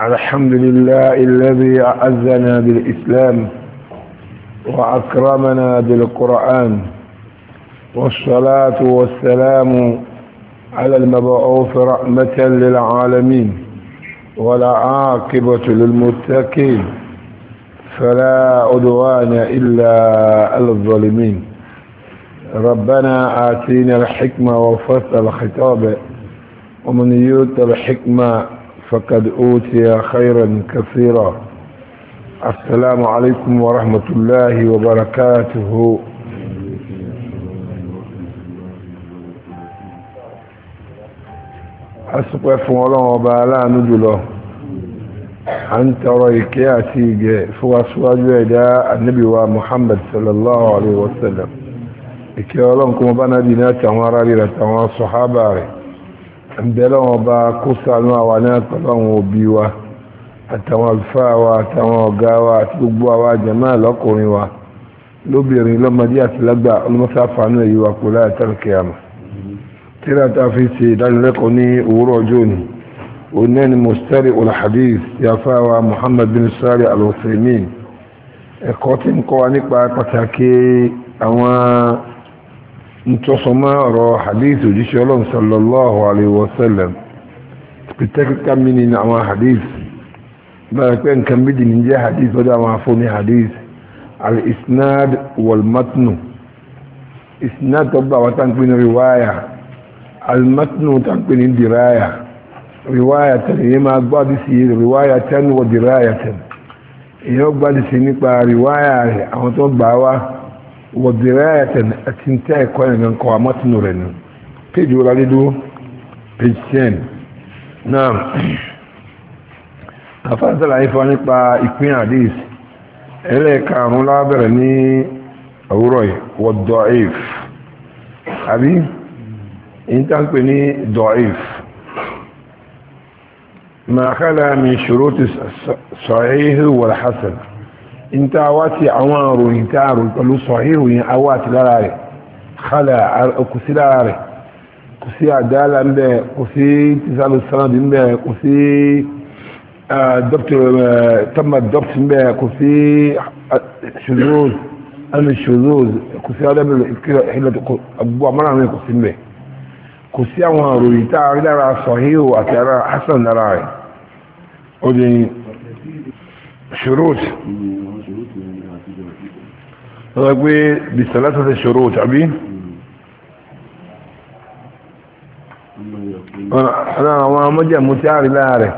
الحمد لله الذي أعزنا بالإسلام وأكرمنا بالقرآن والصلاة والسلام على المبعوث رحمة للعالمين ولا عاقبة للمتقين فلا عدوان إلا على الظالمين ربنا آتينا الحكمة وفصل الخطاب ومن يؤت الحكمة فقد أوتي خيرا كثيرا السلام عليكم ورحمة الله وبركاته asupẹ fún ọlọ́run ọba aláàánú jùlọ a ń tọrọ ìkẹ́ àti ìgẹ̀ fún aṣíwájú ẹ̀dá annabiwa muhammad sallallahu alaihi wasallam ìkẹ́ ọlọ́run kó máa bá nábi ní àtàwọn ará rí àtàwọn sọ̀hábà rẹ̀ bẹ̀rẹ̀ wọn bá kó sànú àwa náà pẹ̀lú àwọn òbí wa àtàwọn àlùfáà wa àtàwọn ọ̀gá wa àti gbogbo àwa jàmáà lọ́kùnrin wa lóbìnrin lọ́mọdé àti lágbà ọlọ́mọsáfàánú èyí wa kò láyà tàbí àmà tíra ta fi ṣe ìdánilẹ́kọ̀ọ́ ní òwúrọ̀ ọjọ́ ni onínáà mustari al-hadith ya muhammad bin sari al ẹ̀kọ́ tí ń kọ́ wa nípa pàtàkì àwọn ntọ́sọmọ́ ọ̀rọ̀ hadith òjíṣẹ́ ọlọ́run sallallahu alayhi wa sallam pẹ̀tẹ́kítà mi ni àwọn hadith bára pé nǹkan méjì ní jẹ́ hadith ọdọ́ àwọn afọ́ni hadith al-isnad wal-matnu isnad tó bá wa tánpé ní riwaya al-matnu tánpé ní diraya riwaya tán èyí máa gbádùn sí riwaya tán wọ diraya tán èyí ó gbádùn sí nípa riwaya àwọn tó gbà wá ودراية أتنتهي كوانا من قوامات نورنا بيج ورالدو بيج سين نعم أفضل عيفة نقبع إكمين عديث إليه كانوا لابرني أوروي والضعيف أبي انت أكبني ضعيف ما خلا من شروط الصحيح والحسن inta wa ti awon aroyin ta aro pelu sohi oyin awa ti lara re khala ku si lara re kusi adala nbe kusi si tisalu sanadi nbe ku si dr tamar dr nbe ku si shuzuz alin shuzuz ku si adala nbe ikira hilata abubuwa mara ne ku si nbe ku si awon aroyin ta lara sohi o ati ara lara re odin ṣòrót lọ́wọ́ pé bisalasa ṣe ṣòrót àbí ọ̀nà àwọn amọ́jẹ̀mú tí a rí láàrẹ̀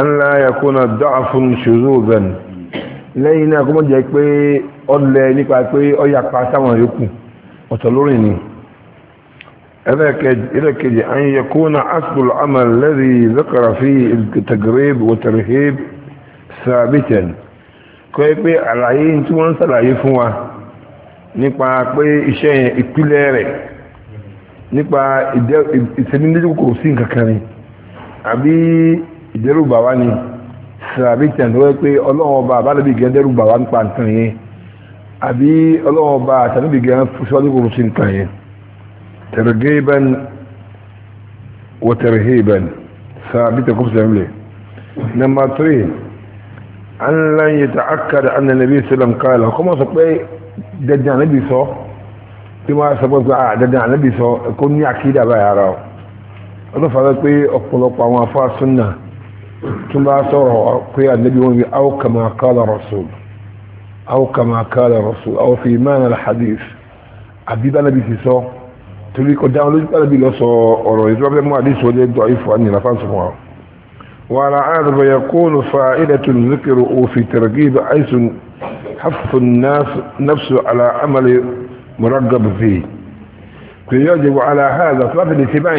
an láyàkúnà dáàfún ṣòróbẹ̀n lẹ́yìn náà kó mọ́ jẹ́ pé ọlẹ̀ nípa pé ọyà pa sáwọn yòókù ọ̀tọ̀ lórí ni. Mm -hmm. إلكج أن يكون أصل العمل الذي ذكر فيه التقريب والترهيب ثابتا كيبي àlàyé tí wọ́n ṣàlàyé fún wa nípa pé iṣẹ́ yẹn ìpìlẹ̀ rẹ̀ nípa ìsẹ̀mílẹ́dẹ́kòkò sí nǹkankan ni àbí ìdẹ́rùbà wá ni sàbítàn tó wẹ́ pé ọlọ́wọ́ bá àbálẹ́bí gẹ́ dẹ́rùbà wá nípa nǹkan yẹn àbí ọlọ́wọ́ bá àtàlẹ́bí gẹ́ fúnṣọ́ nípa nǹkan yẹn ترغيبا وترهيبا ثابتة كم سنعمله نما تريه أن لن يتأكد أن النبي صلى الله عليه وسلم قال كما سبقي دجع نبي صو كما سبقي دجع نبي صو كن يعكيدا بها راو أنا فالقي أقلق وما سنة ثم أصوره قيا النبي أو كما قال الرسول أو كما قال الرسول أو في معنى الحديث عبد النبي صلى torí kọjá olójú pàdé bí lọ sọ ọ̀rọ̀ ìjọba fẹ́ mú àdéhùn ọdẹ dọ̀ ìfọ̀ àní ìlàfà ń sọ fún wa. وعلى هذا فيكون فائدة الذكر وفي ترغيب حيث حث الناس نفسه على عمل مرغب فيه فيجب على هذا طلب الاتباع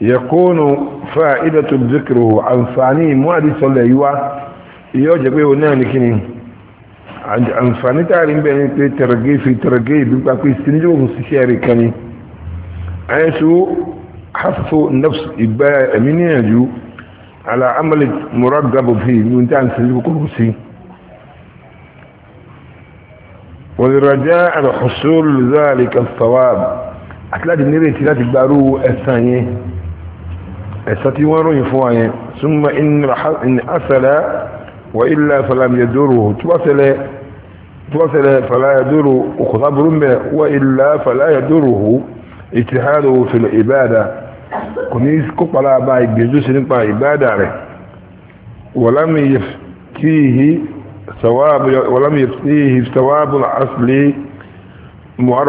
يكون فائدة ذكره عن ثاني موادي صلى يوا يجب هنا لكن عن ثاني تعلم بين الترغيب في ترغيب بقى في السنجو في الشارع كني حيث حث النفس إباء من يجو على عمل مرقب فيه من تان سليم كرسي ولرجاء حصول ذلك الثواب أتلاقي النبي لا تبارو الثانية الستيوان يفوان ثم إن, إن أسل وإلا فلم يدره توصل توصل فلا يدره أخذ أمره وإلا فلا يدره اجتهاده في العبادة كنيس كبلا باي بيزوس نبا عبادة ري ولم يفتيه ثواب ولم يفتيه ثواب الأصل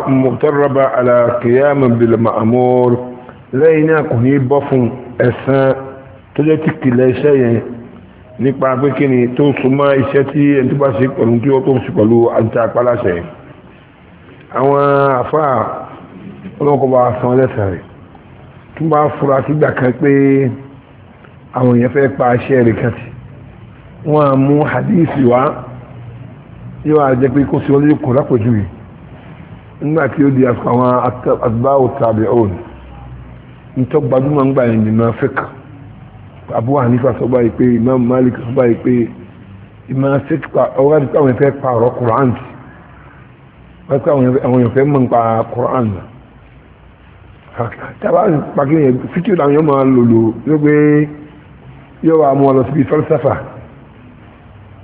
مغترب على قيام بالمأمور لينا كوني بفن أسان تجتك ليس nípa pé kí ni tó súnmọ́ iṣẹ́ tí ẹni tó bá ṣe pẹ̀lú tí ó tó ṣe pẹ̀lú àti àpáláṣẹ àwọn àfáà ọlọ́kọ̀ bá san lẹ́sàn rẹ̀ tún bá fura sígbà kan pé àwọn èèyàn fẹ́ pa aṣẹ́ rẹ̀ kan tí wọ́n á mú hadith wá yóò á jẹ́ pé kó sí ọlọ́yẹ̀ kò lápòjúwe nígbà tí ó di àsìkò àwọn atba'u tabi'un nítorí gbajúmọ̀ ń gbà yẹn nínú afẹ́kà Abu Hanifa sọ báyìí pé Imam Malik sọ báyìí pé ìmọ̀ afẹ́kà ọ̀rọ̀ àti pé àwọn èèyàn fẹ́ pa ọ̀rọ̀ Qur'an wọ́n pẹ́ àwọn èèyàn fẹ́ mọ̀ nípa Qur'an náà tàbá pàkí yẹn fíkìrì àwọn yóò máa lòlò ló pé yóò wá mú ọ lọ síbi fọlísàfà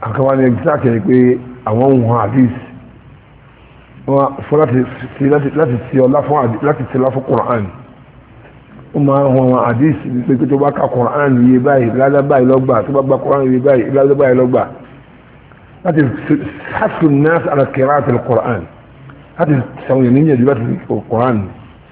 àkàwá ni ẹgbẹ́ sáàkì pé àwọn ń hàn àdìs wọn fọ láti ti ọlá fún láti ti ọlá fún Qur'an ó máa ń hàn àdìs pé tó bá ka Qur'an yé báyìí ládá báyìí lọ́gbà tó bá gba Qur'an yé báyìí ládá báyìí lọ́gbà láti hàtù náà àti Qur'an láti sàwọn ènìyàn jù láti Qur'an ni.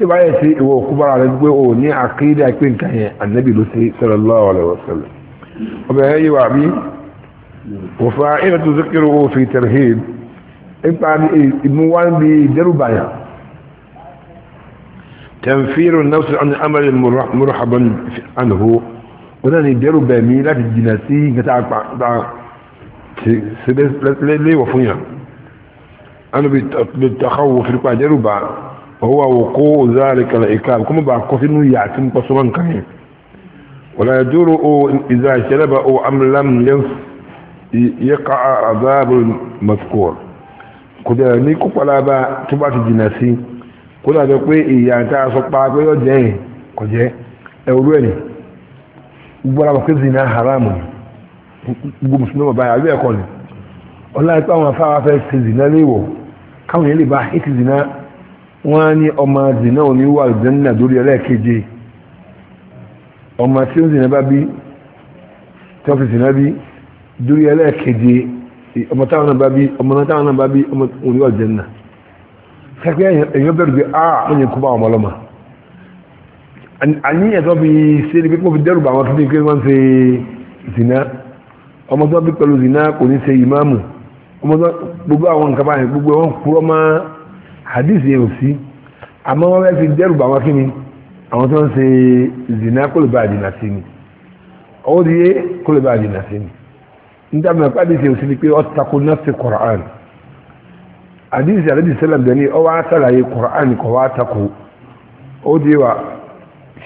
tí wáyé sí ìwọ òkúbára rẹ̀ pé o ní àkídà pé nǹkan yẹn ànábì ló sí sallallahu alaihi wasallam ọbẹ̀ yẹn yìí wà bí òfà ìrẹ tó zikiri o fi tarhib nípa ìmúwá bí ìdẹ́rùbàyà tẹ̀mfìrò nafsi ọ̀nà amẹ́rin mùrùhàbọ̀n ànàhó wọn náà ní ìdẹ́rùbẹ̀ mi láti jìnà sí ìgbẹ́ta àpá sílẹ̀ léwọ̀ fún yàn ánàbì tọ̀kọ̀wò fìrìpà ìdẹ́rùbà وهو وقوع ذلك العقاب كما بعقوسين يعتم قصرا كهين ولا يجرؤ إذا شربه أم لم ينف يقع عذاب المذكور kódà ní kópalába tó bá ti jìnà sí kódà jọ pé ìyà tá a sọ pa pé yọ jẹ́ yìn kò jẹ́ ẹ̀rú ẹ̀nì gbogbo ara pé zina haramu gbogbo mùsùlùmí ọba àbí ẹ̀kọ́ ni ọlá ipá wọn afáwáfẹ́ ti zina léwọ̀ káwọn yẹn lè bá zina wọ́n ní ọmọ zina òní wà lùdánilà lórí ẹlẹ́ẹ̀keje ọmọ tí ó zina bá bí tọ́fì zina bí lórí ẹlẹ́ẹ̀keje ọmọ táwọn náà bá bí ọmọ náà táwọn náà bá bí ọmọ òní wà lùdánilà sẹ́pẹ́ èèyàn bẹ̀rù pé a wọ́n yẹn kó bá ọmọ lọ́mọ àníyàn tó fi ṣe ni pé fi dẹ́rù bá wọn tó ní pé wọ́n ṣe zina ọmọ tó bí pẹ̀lú zina kò ní ṣe ìmáàmù ọmọ tó gbogbo àwọn nǹkan báyìí gbogbo wọn kúrọ́ máa hadith yẹn ò sí àmọ́ wọ́n fẹ́ fi dẹ́rù bà wọ́n kí ni àwọn tó ń ṣe zina kólébà àdìnà sí ni ọwọ́ di yé kólébà àdìnà sí ni níta mọ̀ pàdé ṣe òsì ni pé ọ́ náà fi Qur'an àdìsí àdìsí sẹ́lẹ̀m dẹ́ni ọ́ wá sàlàyé Qur'an kọ́ wá tako ó di wa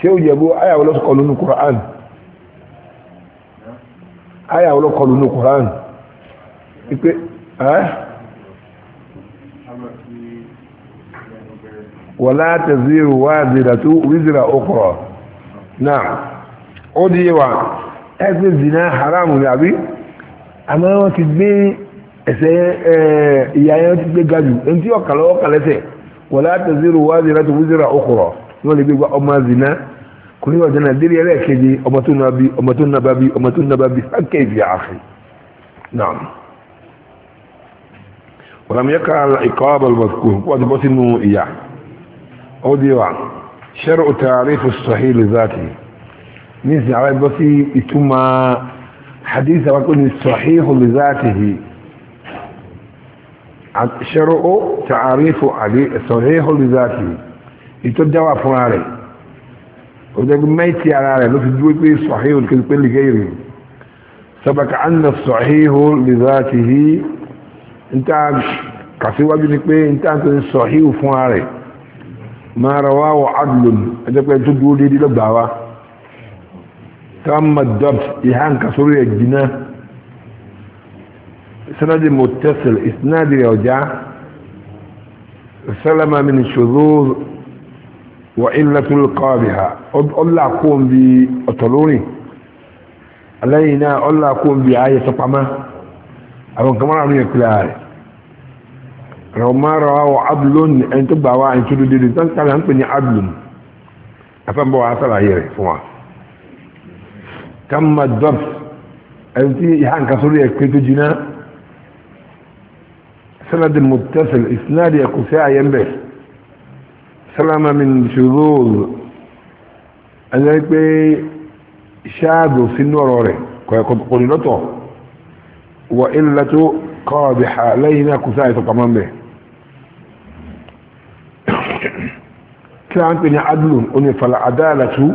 ṣé ó yẹ bó ayà wọlé kọlu ní Qur'an ayà wọlé kọlu ní Qur'an ipe ẹ́. ولا تزير وازرة وزر أخرى نعم أودي وعن هذا الزنا حرام يا أبي أما ما تدبي ẹsẹ ẹ ìyáyán ti gbé ga jù ẹni tí ọkàlẹ ọkàlẹ sẹ wọlé àtẹzẹrù wá zira tó wúzira ọkọrọ ní wọn lè gbé gba ọmọ zina kò ní ọjà náà dérí ẹrẹ kejì ọmọ tó nà bí ọmọ tó nà bá bí ọmọ tó nà bá bí sáké ìfì àfẹ náà wọlámi yẹ ká ikọ́ abẹ́lẹ́ bọ̀ wọ́n ti bọ́ sínú ìyá. أوديوا شرع تعريف الصحيح لذاته نسي على بسي إتما حديث وكل الصحيح لذاته شرع تعريف الصحيح لذاته يتدوى فنالي وده ميتي على لو في الدول صحيح الكلمة لغيره سبق أن الصحيح لذاته انت كفي وابنك بي انت انت الصحيح فنالي ما رواه عدل أجابك تدور لي لبعوة تم الضبط إيهان كسوري الجنة سند متصل إسناد يرجع سلم من الشذوذ وإلة القابحة ألا أقوم بأطلوني علينا ألا أقوم بآية سقمة أو كمان عمي كلاري rọmọrọ wọ abúlọ́n ẹni tó gbà wá ẹni tó dúdú tó ń kálẹ̀ ń pè ní abúlọ́n afẹ́bọ̀ wa sàlàyé rẹ̀ fún wa kàmà dọ́p ẹni tí ìhà nǹkan sórí ẹ̀ sanadi mutasil isnadi ẹ̀ kò sí àyẹ̀ min ṣòro ẹni pé ṣáàdù sínú ọ̀rọ̀ rẹ̀ kò ní lọ́tọ̀ wà ilẹ̀ tó kọ́ ọ̀bì lẹ́yìn náà tí a ń pè ní adùn onífàlà àdáàlà tú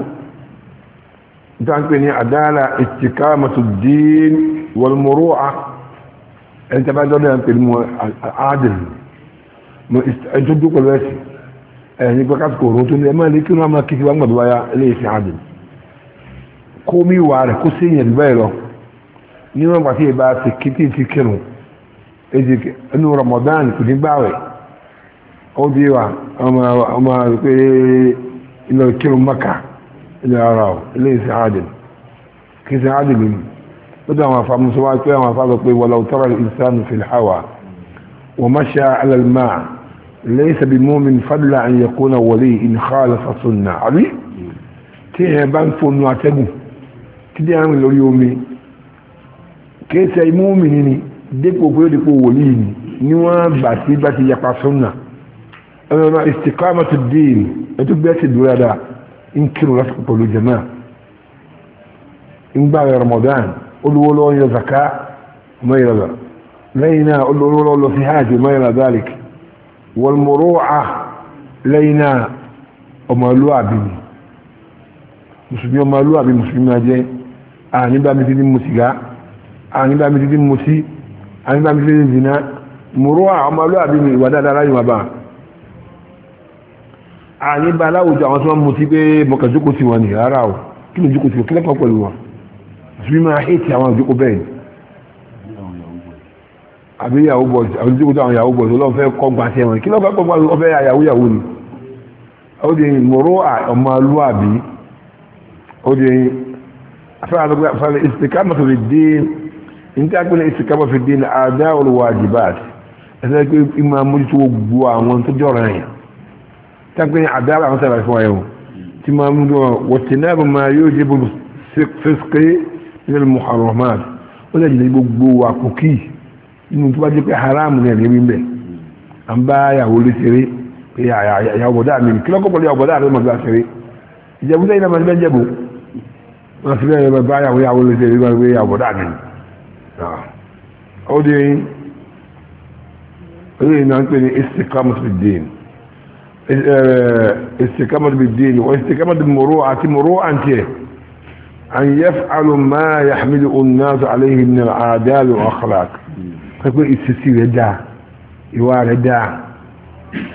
tí a ń pè ní àdáàlà ìtìkámàtù dín wàlmùrúà ẹni tí a bá jọ́ náà ń pè ní mọ́ àádìl ẹni tó dúkọ̀ lẹ́sì ẹni pé kásìkò òru tó ní ẹ máa lè kí wọn máa kí wọn gbàdúrà ya eléyìí sí àádìl kó mi wà rẹ̀ kó sí ìyẹn bẹ́ẹ̀ lọ níwọ̀n gbàtí ìbá ti kí ó bí wa ọmọ pé ilẹ̀ kírun maka ilẹ̀ ara ọ̀ ilé ìsìn adìl kí ìsìn adìl ni ó dá àwọn afáàmù sọ wá pé àwọn afáàmù pé wọlé ọ̀tọ́rọ̀ ìsánù fil hawa wọ́n má ṣe alàlmá ليس بمؤمن فضلا أن يكون ولي إن خالف السنة علي تيه بان فون واتبو تدي عن اليومي كيس أي مؤمنين ديكو كيو ديكو ولي نيوان باتي باتي يقع سنة ẹnana istiqamatu diin ẹtú bẹ́ẹ̀ ti dúró dáa ń kírun lásìkò pẹ̀lú jama ń gbà rẹ̀ Ramadan olówó lọ́wọ́ yọ zaka mẹ́yìn lọ́dọ̀ lẹ́yìn náà olówó lọ́wọ́ lọ sí hajj mẹ́yìn lọ́dọ̀ àlìk wọlmọ́rọ́wà lẹ́yìn náà ọmọlúwàbí ni mùsùlùmí ọmọlúwàbí mùsùlùmí máa jẹ́ àníbà mi ti di mu sìgá àníbà mi ti di mu sí àníbà mi ti di zina mùrọ́wà ọmọlúwàbí ni ìwà dáadáa láyé wà báà àníbà aláwùjọ àwọn tí wọ́n mú ti pé mọ̀kànjókò ti wọn ní rárá o kí ló jókò ti wọn kí lẹ́kọ̀ọ́ pẹ̀lú wọn ṣùgbọ́n máa hẹ́ẹ̀tì àwọn àjókò bẹ́ẹ̀ àbí yahoo boys àwọn jókò tí àwọn yahoo boys olóò fẹ́ kọ́ gba sí ẹ̀wọ̀n kí lọ́ọ́ fẹ́ kọ́ gba ọfẹ́ yahoo yahoo ni ó di mọ̀rọ̀ ọmọlúwàbí ó di fẹ́rẹ̀ ìsìkámọ̀ fi dé ní ìsìkámọ̀ fi dé ní تقبل عذاب عن سبع فوائه تما واجتناب ما يوجب الفسق من المحرمات ولا يجب وكوكي inú tó bá jẹ́ pé haram ní ẹ̀lẹ́ wíńbẹ̀ à ń bá yàwó lé ṣeré pé yàwó bọ̀dá mi kí lọ́kọ̀ pọ̀lú yàwó bọ̀dá rẹ̀ màgbà ṣeré ìjẹ̀bú lẹ́yìn náà máa bẹ́ẹ̀ jẹ̀bú wọ́n ti bẹ́ẹ̀ bá yàwó yàwó lé ṣeré wọ́n gbé yàwó bọ̀dá mi. ó dé orí ìnáwó pé ní istikam muslim dane آه، استقامة بالدين واستكامة بالمروعة مروعا تيه أن يفعل ما يحمل الناس عليه من العادات والأخلاق فكل استسير يدعى يوار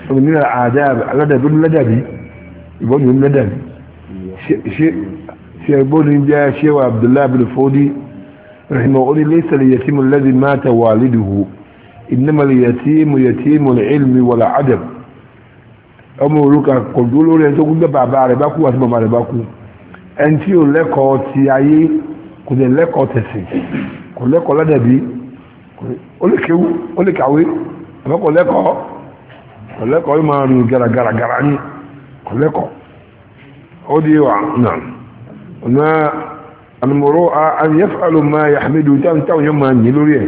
من العادات الأدب الأدبي يقول الأدب شيء يقول جاء شيخ عبد الله بن فودي رحمه الله ليس اليتيم الذي مات والده إنما اليتيم يتيم العلم والعدب ọmọ òrukàn kò dúró lórí ẹni tó kú gbé bàbá rẹ̀ bá kú àti bàbá rẹ̀ bá kú ẹni tí ò lẹ́kọ̀ọ́ ti ayé kò lè lẹ́kọ̀ọ́ tẹ̀sìn kò lẹ́kọ̀ọ́ ládàbí ó lè kéwú ó lè kàwé àmọ́ kò lẹ́kọ̀ọ́ kò lẹ́kọ̀ọ́ yóò máa rìn gàràgàràgàrà ní kò lẹ́kọ̀ọ́ ó di wà náà ọ̀nà àlùmọ̀rọ̀ àyẹ̀fàlù máa yàhàmídù táwọn yóò máa yìn lórí ẹ̀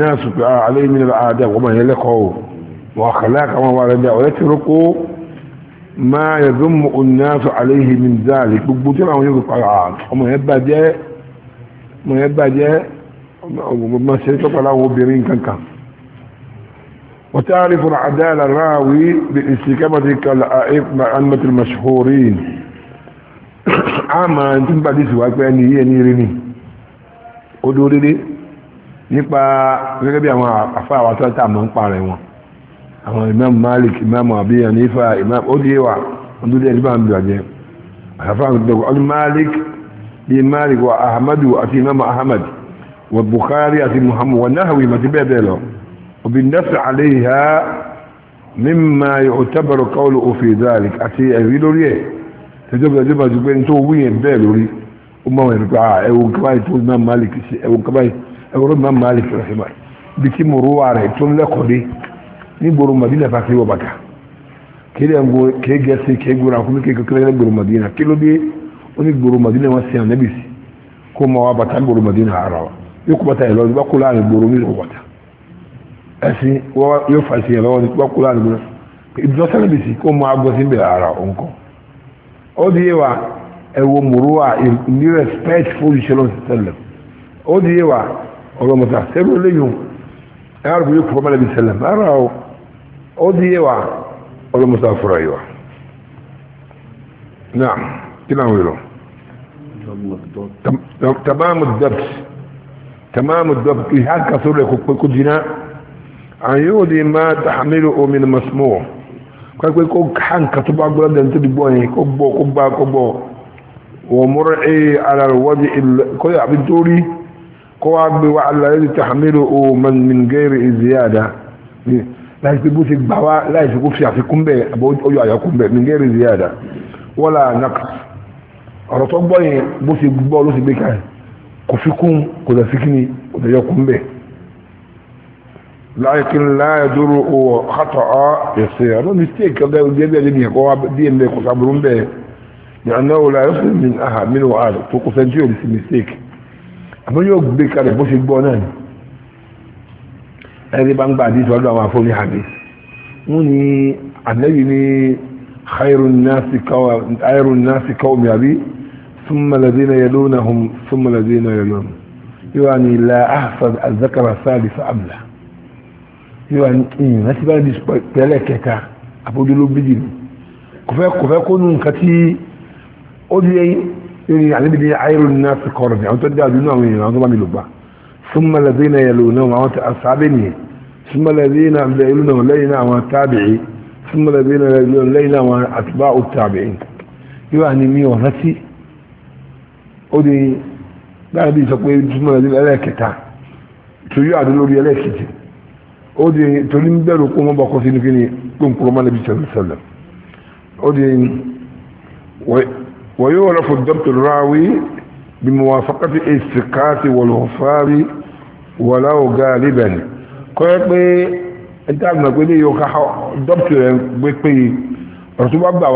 náà sùpẹ́ àlẹ́ ah, mi ní àdá ìwọ́n máa yẹ lẹ́kọ̀ọ́ وأخلاق وما رجع ويتركوا ما يذم الناس عليه من ذلك gbogbo tí àwọn yóò fara ọmọ yẹn bàjẹ́ ọmọ yẹn bàjẹ́ ọmọ ṣe tọ́pọ̀ láwọn obìnrin kankan وتعرف العدالة الراوي بالاستكامة كالأئمة المشهورين àmà tí ń bá dì síwá pé ẹni yíẹ ní rí ni ó dúró dédé nípa gẹ́gẹ́ bí àwọn àfáà wa tó tà mọ́ ń parẹ́ wọn àwọn imam malik imam abi hanifa imam odiwa ọdún díẹ̀ nípa àmì ìjọ àfáà gbogbo ọdún malik bí malik wa ahmadu àti imam ahmad wa bukhari àti muhammad wa nahawi mati bẹ́ẹ̀ bẹ́ẹ̀ lọ obin nasa aléha mímá yóò tábàrọ̀ kọ́ọ̀lù òfin zalik àti ẹ̀rí lórí ẹ̀ tẹjọba tẹjọba ti pé tó wí yẹn bẹ́ẹ̀ lórí ó máa wẹ̀rẹ̀ pé ah, ẹwọ kábàáyì tó imam malik ṣe ẹwọ kábàáyì imam malik rahima bí kí mo rú rẹ̀ tó lẹ́kọ̀ọ́ nígboro madina bá fi wọ bàtà kéde ẹ̀gbọ́ kéégẹ́sì kéégboro àkúnmí kéékèké lẹ́gboro madina kí ló dé ó ní gboro madina wọn sẹ́yìn nẹ́bì sí kó mọ wa bàtà gboro madina ara wa yóò kó bàtà yẹn lọ nígbà kó láàrin gboro ní ìlú bàtà ẹ̀sìn yóò fà sí yẹn lọ́wọ́ nígbà kó láàrin gboro ìdúró sẹ́yìn nẹ́bì sí kó mọ agbọ́sí bẹ̀ ara òǹkọ́ ó di yé wa ẹ̀wọ̀ mùrúwà ní respect fún ìṣẹ́lọ́ sẹ́lẹ̀ ó di yé wa ọ̀rọ̀ mọ̀tà sẹ́lẹ̀ lẹ́yìn ẹ̀rọ ó di yé wa ọlọ́ musa fura yìí wa náà kí náà wúlò tamamu dabt tamamu dabt kì í hàn kà sórí ẹ̀kọ́ pé kó jiná à ń yóò di má tàhámìlì omi ni masmó pẹ́pẹ́ kó hàn kà tó bá gbọ́dọ̀ dẹ̀ tó di gbọ́ yẹn kó gbọ́ kó gbá kó gbọ́ wọ́n múra wa àlàyé tàhámìlì omi ni gẹ́rì ìzíyàdá láì pé bó ṣe gbà wá láì ṣe kó fi àfikún bẹ́ẹ̀ àbọ̀ ọyọ àyọkún bẹ́ẹ̀ mi gẹ́rẹ́ rí àdá wọ́lá nàkà ọ̀rọ̀ tó gbọ́ yẹn bó ṣe gbọ́ ló ṣe gbé ká kò fi kún kò dẹ̀ fi kí ni kò dẹ̀ yọ kún bẹ́ẹ̀. láì kí n láì dúró owó hàtọ̀ ọ́ ẹ̀sẹ̀ ọ̀rọ̀ mi tí èkó bẹ́ẹ̀ bí ẹbí ẹni ẹ̀kọ́ wa bí ẹni kò sábúrú bẹ́ẹ̀ yàrá wò láì fún mi àhà mi ni wàhálà tó kó ẹni bá ń gba àdìsí ọdún àwọn afọ́lẹ́ hadith wọ́n ní ànábì ní khairun nasi kawmi àbí ثم الذين يلونهم ثم الذين يلونهم يعني لا احفظ الذكر الثالث عمله يعني ايه ناس بقى دي بلكتا ابو دلو بيجي كفايه كفايه كون كتي اودي يعني يعني بدي عير الناس قرن يعني تدي ادنا وين انا ما ملوبا ثم الذين يلونهم عوات أصحابني ثم الذين يلونهم لينا عوات تابعي ثم الذين يلونهم لينا عوات أتباع التابعين يعني مي ورثي ودي بعد يسقوي ثم الذين ألاكتا تيوعد الأولي ألاكتا ودي تلم دارو قوم بقوسين كني قوم قرمان النبي صلى الله عليه وسلم ودي ويعرف الضبط الراوي بموافقة الثقات والوفار wọ̀láwò gáàlìbẹ̀n kọ́ ẹ pé ẹ̀dàgbà pé ní yóò káhọ́ dọ́pítì rẹ̀ gbé pé ọ̀rọ̀ tó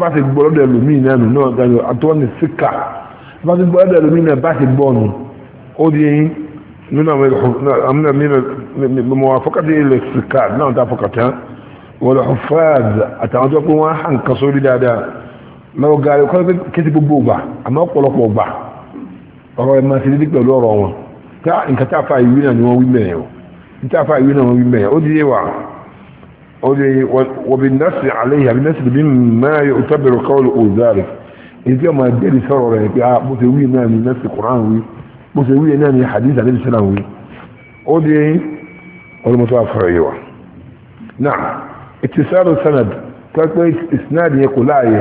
bá ti gbọ́ lọ́dọ̀ ẹlòmíì náà náà dájú àtọ́ni síkà bá ti gbọ́ lọ́dọ̀ ẹlòmíì náà bá ti gbọ́ nù ó di yín nínú àwọn mìíràn mọ̀ ilẹ̀ síkà náà tá àtàwọn tó pé wọ́n hàn kan sórí dáadáa kọ́ pé tá nǹkan tá a fa ìwé náà ni wọ́n wí mẹ́rin o nǹkan tá a fa ìwé náà wọ́n wí mẹ́rin ó di yé wa ó di wọ́bi nọ́ọ̀sì alẹ́ yìí àbí nọ́ọ̀sì bí mẹ́rin ó tọ́bẹ̀rẹ̀ kọ́ọ̀lù òzàrì èyí tí ọmọ ẹgbẹ́ ìsọ̀rọ̀ rẹ̀ pé ah bó ṣe wí náà ni nọ́ọ̀sì Qur'an wí bó ṣe wí náà ni hadith alẹ́ ìṣẹ́lá wí ó di olùmọ̀tò àfọ̀rọ̀ yìí wa náà ìtìsáàlù sanad tọ́pẹ́ ìsináàdì yẹn kò láàyè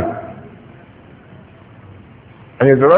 ẹ̀yẹ̀ tọ́lá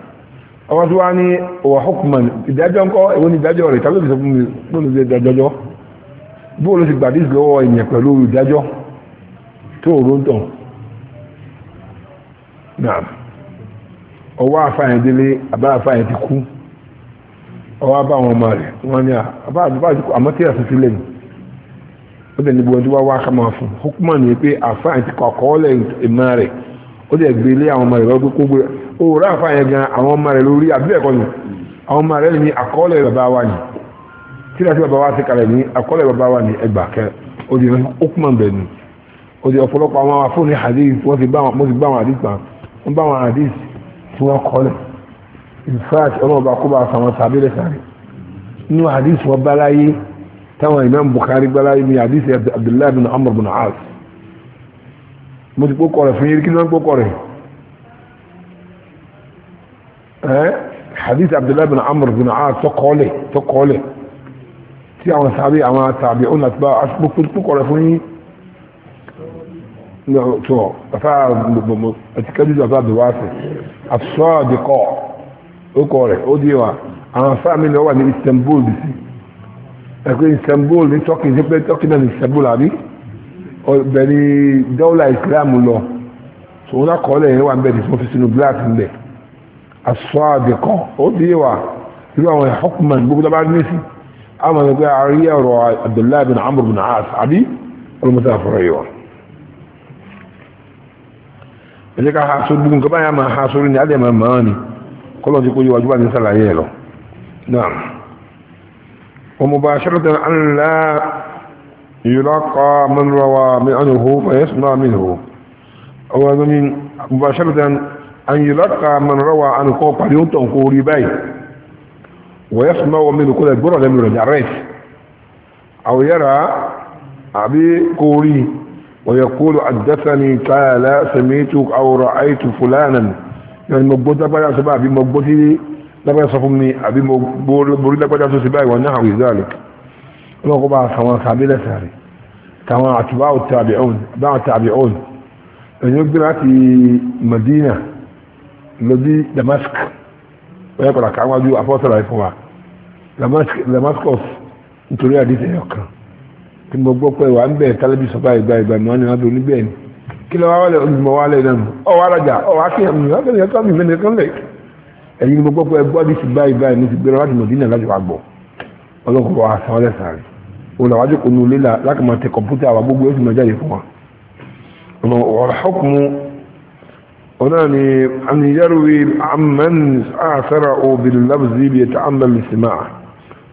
àwọn tó wá ní ọwà hukman ìdájọ́ ńkọ́ èwo ni ìdájọ́ rẹ̀ tàbí ìfẹ́ fún mi lónìí ìfẹ́ ìdájọ́ bóò ló ti gbà díìsì lọ́wọ́ èèyàn pẹ̀lú ìdájọ́ tó rò ń tàn náà ọwọ́ àfààyàn délé àbá àfààyàn ti kú ọwọ́ àbá àwọn ọmọ rẹ̀ wọ́n ní àbá àbá ti kú àmọ́ tí àti sílẹ̀ ni ó dẹ̀ níbo ẹni tó wá wá ká fún hukman ni pé àfààyàn ti kọ́ àkọọ́lẹ̀ ìmọ̀ rẹ̀ ó dẹ̀ gbé lé àwọn ọmọ rẹ̀ lọ́gbé kó gbé ó rà fà yẹn gan àwọn ọmọ rẹ̀ lórí àbí ẹ̀kọ́ ni àwọn ọmọ rẹ̀ ní àkọọ́lẹ̀ bàbá wa ni tí láti bàbá wa ti kalẹ̀ ní àkọọ́lẹ̀ bàbá wa ni ẹgbà kẹ ó di ó kúmọ̀ bẹ̀ ni ó di ọ̀pọ̀lọpọ̀ àwọn afọ́ni hadith wọ́n ti gbá àwọn hadith pa wọ́n bá àwọn hadith tí wọ́n kọ́lẹ̀ in fact ọlọ́ọ̀bá kó bá a sàwọn sàbílẹ̀ mo ti pókọ rẹ̀ fún yín kí ló ń pókọ rẹ̀ ẹ́ hadith abdullahi bin amr bin a tọkọọlẹ̀ tọkọọlẹ̀ tí àwọn sàbí àwọn sàbí ọ̀nà tí bá pókọ rẹ̀ fún yín tọ́ afá àti kẹ́bíjì afá àbẹ̀wá sí afọ́ àbẹ̀kọ́ ó kọ rẹ̀ ó di wa àwọn fáàmì lọ wà ní istanbul bìsí ẹ̀kọ́ istanbul ní turkey ní pé turkey náà ní istanbul àbí ọ̀bẹ̀ni dawla islam lọ tòun náà kọ́ lẹ́yìn wà bẹ́ẹ̀ tó fi sínú gíláàsì ń bẹ̀ as-sadiqa ó ti yé wa gbogbo dábàá ní sí àwọn abdullahi bin amr bin as àbí wa. ẹ jẹ́ ká ha so gbogbo nǹkan máa ha sórí ni á máa máa ni kọ́lọ̀ ti kó bá ní sàlàyé lọ. náà يلقى من روى عنه فيسمع منه من مباشرة أن يلقى من روى عن قوة ينطن باي ويسمع من كل البرع لم يرجع ريس أو يرى أبي قوري ويقول حدثني قال سميتك أو رأيت فلانا يعني مبوتا بلا سبا أبي لا لما يصفني أبي لا لما يصفني ونحو ذلك lọ́kọ́ bá àwọn sàbílẹ̀ sàrí tàwọn àtibáwò tàbíọ́n ẹ̀yọ́ gbé láti Madina lọ́dí Damask ọ̀yẹ́ padà káwájú apọ́sọ̀rọ̀ ẹ̀fọ́ wa Damascus nítorí àdìsẹ̀ ẹ̀yọ̀ kan tí mo gbọ́ pé wà ń bẹ̀ tálẹ́bí sọ báyìí báyìí báyìí mọ́ ni wọ́n bẹ̀ oníbẹ̀ ni kí ló wá wálẹ̀ olùmọ̀ wálẹ̀ náà nù ọ̀ wá rajà ọ̀ wá kí ẹ̀mí wọ́n kẹ́lẹ̀ ẹ̀kọ́ mi mẹ́lẹ̀ kọ́lẹ̀ ẹ̀yìn ni mo gbọ́ pé ẹgbọ́ àdìsẹ̀ báyìí báyìí mo ti gbéra láti Madina láti wà gbọ́ ọlọ́kọ̀ wa sọ ọ́ lẹ́sàn-án olùwájú kò nu lílà láti máa tẹ kọ̀mpútà wa gbogbo ẹ̀sùn máa jáde fún wa ọ̀nà ọ̀rọ̀ ọkùnrin ọ̀nà ni àníyàrúwé amman àṣàrà obìnrin lábùsí ibi ẹ̀ta àmà lùsìmá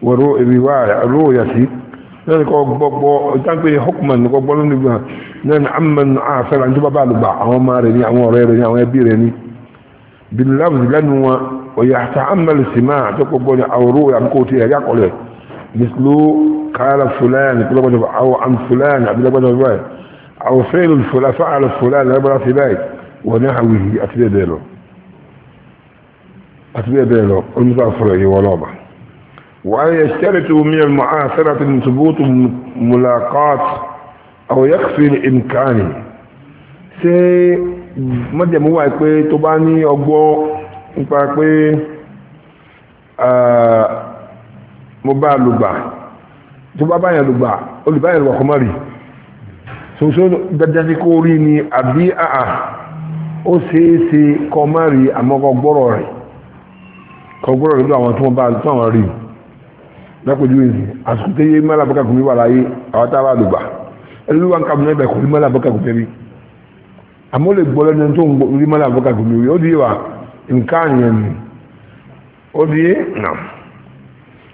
wọ̀rọ̀ èmi wá ró yà sí náà ni kò gbọ́gbọ́ ìtànpé ọkùnrin ni kò gbọ́ lónìí gbà náà ni amman àṣàrà ní tó bá bá lùgbà àwọn ni àwọn ọ̀rẹ́ rẹ̀ ni àwọn ẹbí rẹ̀ ni bìnrin lábùsí lẹ́nu wọn ọ̀yà àtà àmà lùsìmá tó gbọ́gbọ́ ni àwòrán àbíkó ti ẹ̀yà kọlẹ̀ مثل قال فلان او عن فلان او فعل الفلان فعل فلان لا في بايت ونحوه اتبع بيلو اتبع بيلو المتأفر اي ولابا وان يشترط من المعاصرة ثبوت ملاقات او يكفي الامكان سي مجموعة wà pé tó bá ní ọgbọ́ nípa pé mo bá lùgbà tó bá báyàn lùgbà olùbáyàn lùgbà kọ́ má rí soso dandan ni kó rí ni àbí àà ó ṣeé ṣe kọ́ má rí àmọ́ kọ́ gbọ́rọ̀ rẹ̀ kọ́ gbọ́rọ̀ rẹ̀ lọ́dọ̀ àwọn tó wọ́n bá tó àwọn rí lápẹjú ìsìn àsìkò tó yé mọ́lá bọ́kà kùnmí wà láyé àwọn tá a bá lùgbà ẹlú wa ń kàbí náà ìbẹ̀kùn rí mọ́lá bọ́kà kùnmí rí àmọ́ lè gbọ́ lẹ́nu tó ń rí mọ́lá bọ́kà kùnmí rí ó di wa nǹkan yẹn ni ó di náà.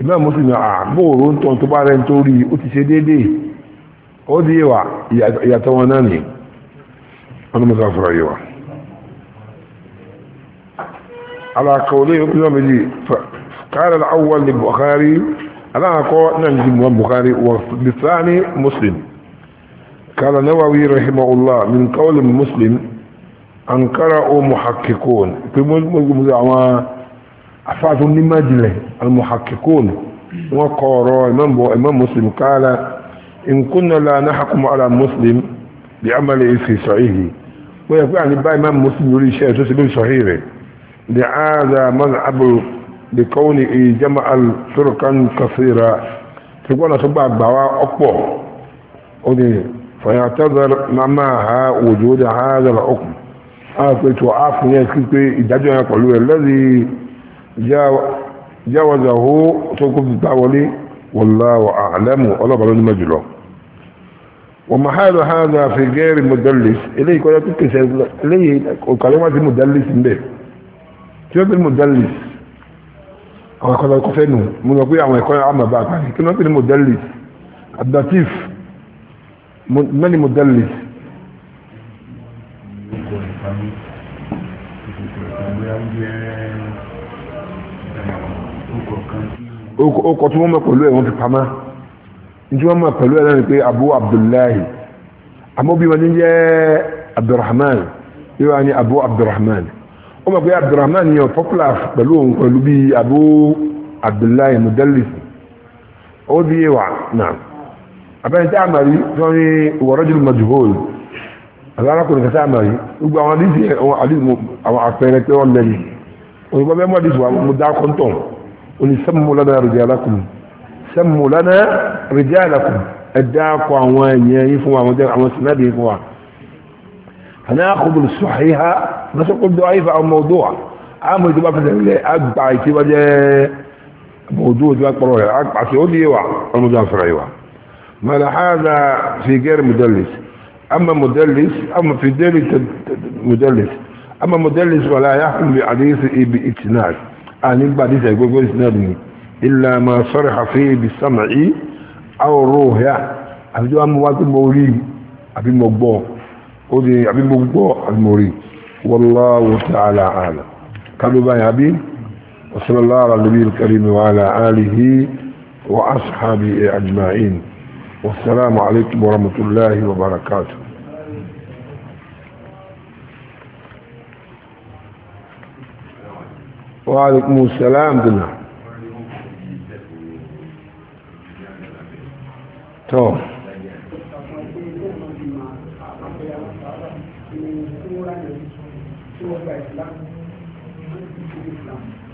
ìmọ̀ mùsùlùmí àgbòòrò ah, ń tọ́ tó bá rẹ̀ ń torí ó ti ṣe déédéé ó di ìwà ìyàtọ̀ wọn náà ni wọn ni mo sọ fọ́rọ̀ yìí wà alákọ̀ olóyè ó pínlẹ̀ méjì káàrẹ̀ àwọn ní Bukhari aláàkọ́ náà ní mọ́ Bukhari wà bisani Muslim kala Nawawi rahimahullah min qawli Muslim an kara o muhakkikun pe mo أفاد النماجلة المحققون وقرأ إمام, إمام مسلم قال إن كنا لا نحكم على مسلم بعمل في صحيحه ويقول يعني بقى إمام مسلم يريد شيء تسلم صحيحه لهذا مذهب لكونه جمع طرقا كثيرة تقول سبع بواء أكبر فيعتذر معها وجود هذا الحكم أقول تعافني كيف إدجاج الذي جاوزه توقف التعولي والله أعلم الله بلون مجلو ومحال هذا في غير مدلس إليه كلا تكسر إليه وكلمات المدلس به كيف المدلس أو كلا كفنو من يقول عما يقول عما بعد كلمة المدلس الدتيف من المدلس Yeah. ọkọ̀ tí wọ́n mọ̀ pẹ̀lú ẹ̀ wọ́n fi pamá ní tí wọ́n mọ̀ pẹ̀lú ẹ̀ náà pé abu abdullahi amóbi wọn ni jẹ́ abdulrahman yóò wá ní abu abdulrahman wọ́n mọ̀ pé abdulrahman yẹn popular pẹ̀lú òun pẹ̀lú bí abu abdullahi mudallis ó di yé wa náà abẹ́rẹ́ tí a mọ̀ rí tí wọ́n ní wọ́rọ́jú majhul alárakùnrin kẹta àmà yìí gbogbo àwọn àdìsí àwọn àpẹẹrẹ pé wọ́n lẹ́yìn òyìnbó bẹ́ẹ̀ mọ́ àdìsí wa mo dá kọ́ńtọ̀n قل سموا لنا رجالكم سموا لنا رجالكم ادعكوا عوان يفوا عوان سنادي يفوا فناخذ الصحيحة بس نقول ضعيفة او موضوع عامل دي بقى في اتبع كده ده موضوع دي اكبر اتبع سعودي يوع المدافع يوع ما لحاذا في غير مدلس اما مدلس اما في ذلك مدلس اما مدلس ولا يحكم بحديث باتناج عن بعد ذلك يقول إسنادني إلا ما صرح فيه بالسمع أو الروح يا أبي جو أم واقف موري أبي مقبو أودي أبي مقبو الموري والله تعالى أعلم قالوا بقى أبي وصلى الله على النبي الكريم وعلى آله وأصحابه أجمعين والسلام عليكم ورحمة الله وبركاته وعليكم السلام دنا تو طيب.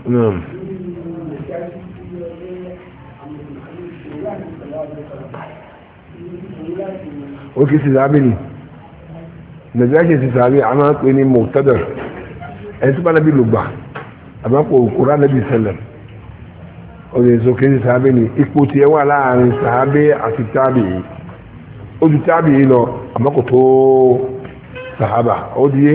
نعم وكي تتعاملي نجاكي تتعاملي عمات ويني مغتدر انت بقى نبي اللبحة àbápò òkúra nàbì sẹlẹ̀ ọ̀rẹ́ ìsókè ní sàábé ni ipò tí ẹ wà láàrin sàábé àti tábìí ó ju tábìí lọ àmọ́ kò tó sàábà ó di